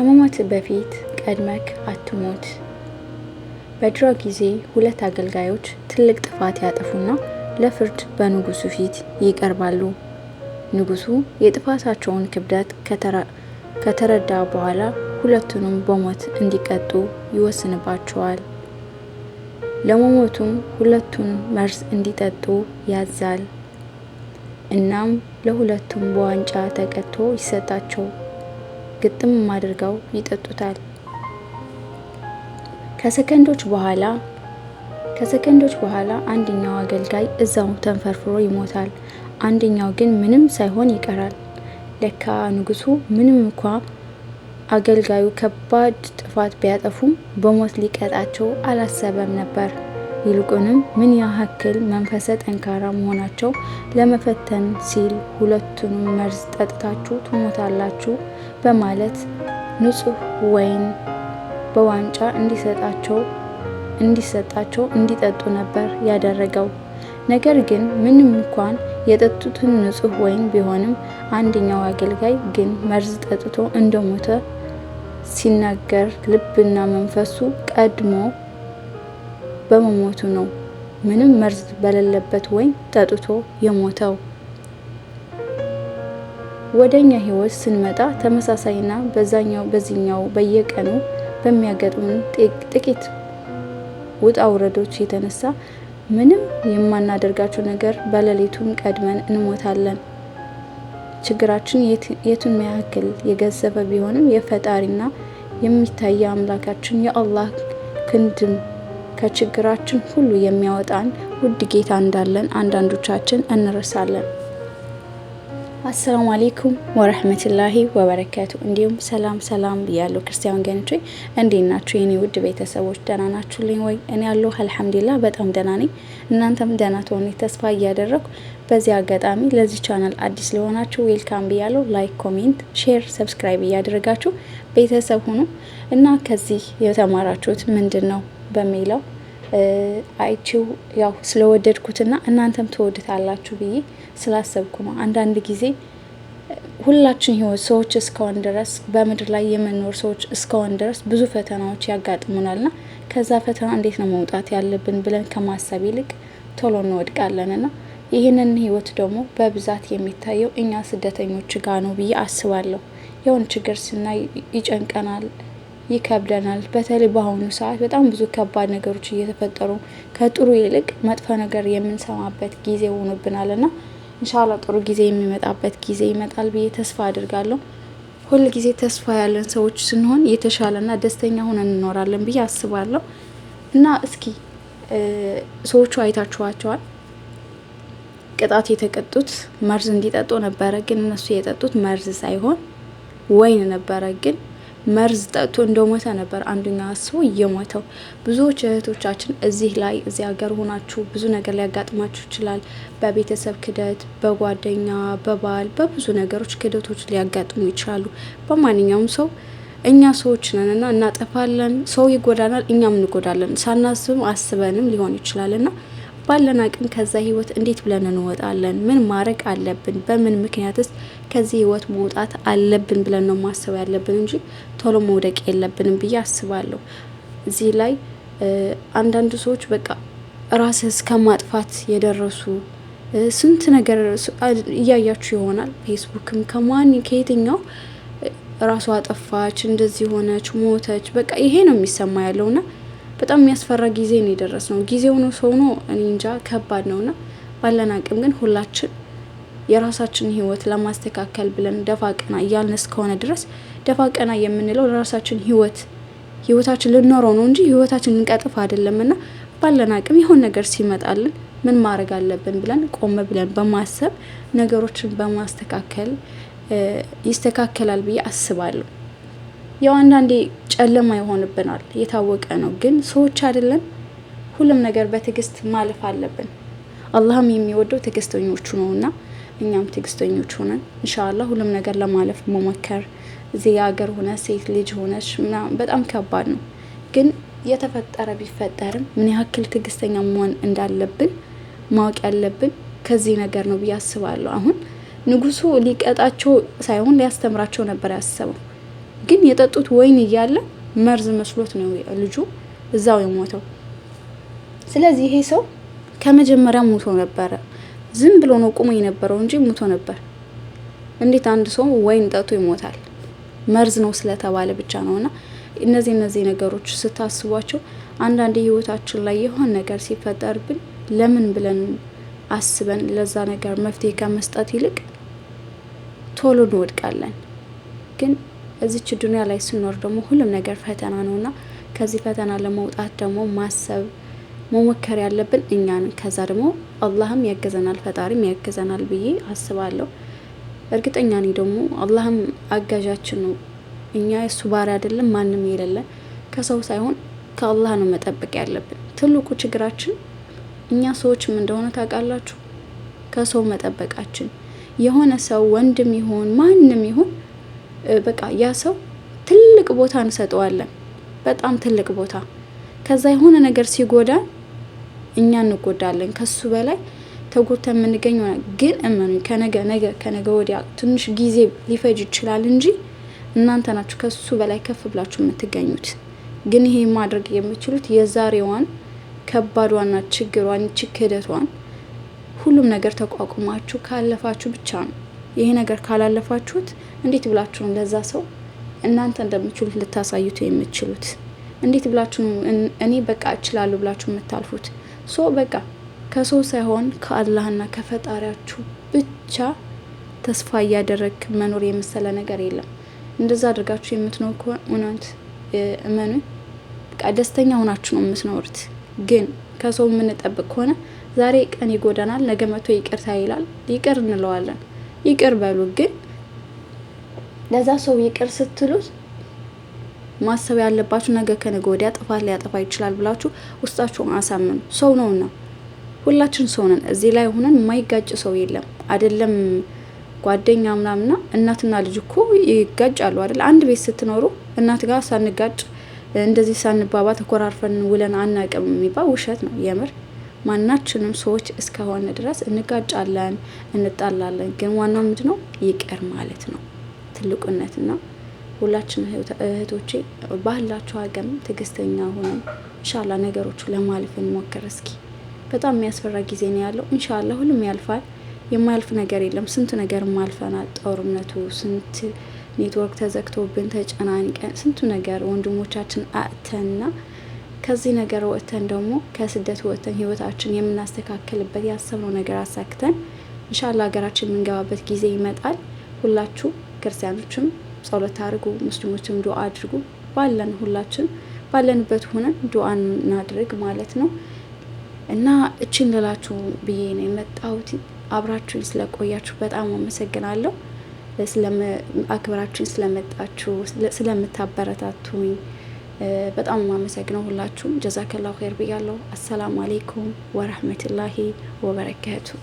ከመሞት በፊት ቀድመክ አትሞት። በድሮ ጊዜ ሁለት አገልጋዮች ትልቅ ጥፋት ያጠፉና ለፍርድ በንጉሱ ፊት ይቀርባሉ። ንጉሱ የጥፋታቸውን ክብደት ከተረዳ በኋላ ሁለቱንም በሞት እንዲቀጡ ይወስንባቸዋል። ለመሞቱም ሁለቱን መርዝ እንዲጠጡ ያዛል። እናም ለሁለቱም በዋንጫ ተቀጥቶ ይሰጣቸው ግጥም አድርገው ይጠጡታል። ከሰከንዶች በኋላ ከሰከንዶች በኋላ አንደኛው አገልጋይ እዛው ተንፈርፍሮ ይሞታል። አንደኛው ግን ምንም ሳይሆን ይቀራል። ለካ ንጉሱ ምንም እንኳ አገልጋዩ ከባድ ጥፋት ቢያጠፉም በሞት ሊቀጣቸው አላሰበም ነበር። ይልቁንም ምን ያህል መንፈሰ ጠንካራ መሆናቸው ለመፈተን ሲል ሁለቱንም መርዝ ጠጥታችሁ ትሞታላችሁ በማለት ንጹህ ወይን በዋንጫ እንዲሰጣቸው እንዲሰጣቸው እንዲጠጡ ነበር ያደረገው። ነገር ግን ምንም እንኳን የጠጡትን ንጹህ ወይን ቢሆንም አንደኛው አገልጋይ ግን መርዝ ጠጥቶ እንደሞተ ሲናገር ልብና መንፈሱ ቀድሞ በመሞቱ ነው ምንም መርዝ በሌለበት ወይ ጠጥቶ የሞተው። ወደኛ ህይወት ስንመጣ ተመሳሳይና በዛኛው በዚኛው በየቀኑ በሚያገጥሙን ጥቂት ውጣ ውረዶች የተነሳ ምንም የማናደርጋቸው ነገር በሌሊቱን ቀድመን እንሞታለን። ችግራችን የቱን ያህል የገዘፈ ቢሆንም የፈጣሪና የሚታየ አምላካችን የአላህ ክንድም ከችግራችን ሁሉ የሚያወጣን ውድ ጌታ እንዳለን አንዳንዶቻችን እንረሳለን። አሰላሙ አሌይኩም ወረህመቱላሂ ወበረካቱ። እንዲሁም ሰላም ሰላም ብያለሁ ክርስቲያን ወገኖቼ፣ እንዴት ናችሁ? የኔ ውድ ቤተሰቦች ደህና ናችሁልኝ ወይ? እኔ ያለሁ አልሐምዱሊላህ በጣም ደህና ነኝ። እናንተም ደህና ትሆኑ ተስፋ እያደረኩ በዚህ አጋጣሚ ለዚህ ቻናል አዲስ ለሆናችሁ ዌልካም ብያለሁ። ላይክ፣ ኮሜንት፣ ሼር፣ ሰብስክራይብ እያደረጋችሁ ቤተሰብ ሁኑ እና ከዚህ የተማራችሁት ምንድን ነው በሚለው አይቺው ያው ስለወደድኩትና እናንተም ትወድታላችሁ ብዬ ስላሰብኩ ነው። አንዳንድ ጊዜ ሁላችን ህይወት ሰዎች እስከሆን ድረስ በምድር ላይ የምንኖር ሰዎች እስከሆን ድረስ ብዙ ፈተናዎች ያጋጥሙናልና ከዛ ፈተና እንዴት ነው መውጣት ያለብን ብለን ከማሰብ ይልቅ ቶሎ እንወድቃለንና ይህንን ህይወት ደግሞ በብዛት የሚታየው እኛ ስደተኞች ጋር ነው ብዬ አስባለሁ። የሆን ችግር ስናይ ይጨንቀናል። ይከብደናል። በተለይ በአሁኑ ሰዓት በጣም ብዙ ከባድ ነገሮች እየተፈጠሩ ከጥሩ ይልቅ መጥፎ ነገር የምንሰማበት ጊዜ ሆኖብናል እና እንሻላ ጥሩ ጊዜ የሚመጣበት ጊዜ ይመጣል ብዬ ተስፋ አድርጋለሁ። ሁል ጊዜ ተስፋ ያለን ሰዎች ስንሆን የተሻለና ደስተኛ ሆነን እንኖራለን ብዬ አስባለሁ። እና እስኪ ሰዎቹ አይታችኋቸዋል። ቅጣት የተቀጡት መርዝ እንዲጠጡ ነበረ፣ ግን እነሱ የጠጡት መርዝ ሳይሆን ወይን ነበረ ግን መርዝ ጠጥቶ እንደሞተ ነበር አንደኛ አስቦ እየሞተው። ብዙዎች እህቶቻችን እዚህ ላይ እዚህ ሀገር ሆናችሁ ብዙ ነገር ሊያጋጥማችሁ ይችላል። በቤተሰብ ክደት፣ በጓደኛ፣ በባል፣ በብዙ ነገሮች ክደቶች ሊያጋጥሙ ይችላሉ። በማንኛውም ሰው እኛ ሰዎች ነን እና እናጠፋለን። ሰው ይጎዳናል፣ እኛም እንጎዳለን። ሳናስብም አስበንም ሊሆን ይችላል እና ባለን አቅም ከዛ ህይወት እንዴት ብለን እንወጣለን? ምን ማድረግ አለብን? በምን ምክንያትስ ከዚህ ህይወት መውጣት አለብን ብለን ነው ማሰብ ያለብን እንጂ ቶሎ መውደቅ የለብንም ብዬ አስባለሁ። እዚህ ላይ አንዳንድ ሰዎች በቃ ራስ እስከ ማጥፋት የደረሱ ስንት ነገር እያያችሁ ይሆናል። ፌስቡክም ከማን ከየትኛው ራሷ አጠፋች፣ እንደዚህ ሆነች፣ ሞተች፣ በቃ ይሄ ነው የሚሰማ ያለውና በጣም የሚያስፈራ ጊዜ ነው የደረስ ነው። ጊዜው ነው ሰው ነው እኔ እንጃ ከባድ ነውና ባለን አቅም ግን ሁላችን የራሳችን ህይወት ለማስተካከል ብለን ደፋ ቀና እያልን እስከሆነ ድረስ ደፋ ቀና የምንለው ለራሳችን ህይወት ህይወታችን ልኖረው ነው እንጂ ህይወታችን ልንቀጥፍ አይደለም። እና ባለን አቅም የሆን ነገር ሲመጣልን ምን ማድረግ አለብን ብለን ቆመ ብለን በማሰብ ነገሮችን በማስተካከል ይስተካከላል ብዬ አስባለሁ። ያው አንዳንዴ ጨለማ ይሆንብናል፣ የታወቀ ነው። ግን ሰዎች አይደለም ሁሉም ነገር በትዕግስት ማለፍ አለብን። አላህም የሚወደው ትዕግስተኞቹ ነው እና እኛም ትዕግስተኞች ሆነን እንሻላ ሁሉም ነገር ለማለፍ መሞከር። እዚህ የሀገር ሆነ ሴት ልጅ ሆነች በጣም ከባድ ነው። ግን የተፈጠረ ቢፈጠርም ምን ያክል ትዕግስተኛ መሆን እንዳለብን ማወቅ ያለብን ከዚህ ነገር ነው ብዬ አስባለሁ። አሁን ንጉሱ ሊቀጣቸው ሳይሆን ሊያስተምራቸው ነበር ያሰበው። ግን የጠጡት ወይን እያለ መርዝ መስሎት ነው ልጁ እዛው የሞተው። ስለዚህ ይሄ ሰው ከመጀመሪያ ሞቶ ነበረ። ዝም ብሎ ነው ቁሞ የነበረው እንጂ ሞቶ ነበር። እንዴት አንድ ሰው ወይን ጠጡ ይሞታል? መርዝ ነው ስለተባለ ብቻ ነውና እነዚህ እነዚህ ነገሮች ስታስቧቸው አንዳንድ ህይወታችን ላይ የሆን ነገር ሲፈጠርብን ለምን ብለን አስበን ለዛ ነገር መፍትሄ ከመስጠት ይልቅ ቶሎ እንወድቃለን ግን እዚች ዱኒያ ላይ ስኖር ደግሞ ሁሉም ነገር ፈተና ነውና ከዚህ ፈተና ለመውጣት ደግሞ ማሰብ መሞከር ያለብን ነን። ከዛ ደግሞ አላህም ያገዘናል ፈጣሪም ያገዘናል ብዬ አስባለሁ። እርግጠኛ ነኝ ደግሞ አላህም አጋዣችን ነው። እኛ የሱ ባሪያ አይደለም ማንም የሌለ ከሰው ሳይሆን ከአላህ ነው መጠበቅ ያለብን። ትልቁ ችግራችን እኛ ሰዎችም እንደሆነ ታውቃላችሁ፣ ከሰው መጠበቃችን የሆነ ሰው ወንድም ይሆን ማንም ይሆን በቃ ያ ሰው ትልቅ ቦታ እንሰጠዋለን፣ በጣም ትልቅ ቦታ። ከዛ የሆነ ነገር ሲጎዳን እኛ እንጎዳለን ከሱ በላይ ተጎድተ የምንገኝ ይሆናል። ግን እመኑ ከነገ ነገ ከነገ ወዲያ ትንሽ ጊዜ ሊፈጅ ይችላል እንጂ እናንተ ናችሁ ከሱ በላይ ከፍ ብላችሁ የምትገኙት። ግን ይሄ ማድረግ የምችሉት የዛሬዋን ከባዷና ችግሯን ችክደቷን ሁሉም ነገር ተቋቁማችሁ ካለፋችሁ ብቻ ነው። ይሄ ነገር ካላለፋችሁት እንዴት ብላችሁ ነው ለዛ ሰው እናንተ እንደምችሉት ልታሳዩት የምትችሉት? እንዴት ብላችሁ እኔ በቃ እችላለሁ ብላችሁ የምታልፉት? ሶ በቃ ከሰው ሳይሆን ከአላህና ከፈጣሪያችሁ ብቻ ተስፋ እያደረግ መኖር የመሰለ ነገር የለም። እንደዛ አድርጋችሁ የምትኖር ከሆነ እውነት እመኑ፣ በቃ ደስተኛ ሆናችሁ ነው የምትኖሩት። ግን ከሰው የምንጠብቅ ከሆነ ዛሬ ቀን ይጎዳናል፣ ነገ መቶ ይቅርታ ይላል፣ ይቅር እንለዋለን። ይቅር በሉ። ግን ለዛ ሰው ይቅር ስትሉት ማሰብ ያለባችሁ ነገ ከነገ ወዲያ ጥፋት ሊያጠፋ ይችላል ብላችሁ ውስጣችሁን አሳምኑ። ሰው ነውና ሁላችን ሰው ነን። እዚህ ላይ ሆነን የማይጋጭ ሰው የለም አይደለም። ጓደኛ ምናምና እናትና ልጅ እኮ ይጋጫሉ አይደል? አንድ ቤት ስትኖሩ እናት ጋር ሳንጋጭ እንደዚህ ሳንባባ ተኮራርፈን ውለን አናቅም የሚባል ውሸት ነው የምር ማናችንም ሰዎች እስከሆነ ድረስ እንጋጫለን፣ እንጣላለን። ግን ዋናው ምንድ ነው ይቅር ማለት ነው ትልቁነትና ሁላችን እህቶቼ ባህላችሁ አቅም ትግስተኛ ሆኑ። እንሻላ ነገሮቹ ለማለፍ እንሞክር። እስኪ በጣም የሚያስፈራ ጊዜ ነው ያለው። እንሻላ ሁሉም ያልፋል። የማያልፍ ነገር የለም። ስንት ነገር ማልፈናል። ጦርነቱ፣ ስንት ኔትወርክ ተዘግቶብን ተጨናንቀን፣ ስንቱ ነገር ወንድሞቻችን አእተንና ከዚህ ነገር ወጥተን ደግሞ ከስደት ወጥተን ህይወታችን የምናስተካከልበት ያሰብነው ነገር አሳክተን እንሻላ ሀገራችን የምንገባበት ጊዜ ይመጣል። ሁላችሁ ክርስቲያኖችም ጸሎት አድርጉ፣ ሙስሊሞችም ዱአ አድርጉ። ባለን ሁላችን ባለንበት ሆነን ዱአ እናድርግ ማለት ነው እና እችን ልላችሁ ብዬ ነው የመጣሁት። አብራችሁኝ ስለቆያችሁ በጣም አመሰግናለሁ። አክብራችሁኝ ስለመጣችሁ ስለምታበረታቱኝ በጣም የማመሰግነው ሁላችሁም ጀዛከላሁ ኸይር ብያለሁ። አሰላሙ አሌይኩም ወረህመቱላሂ ወበረካቱሁ።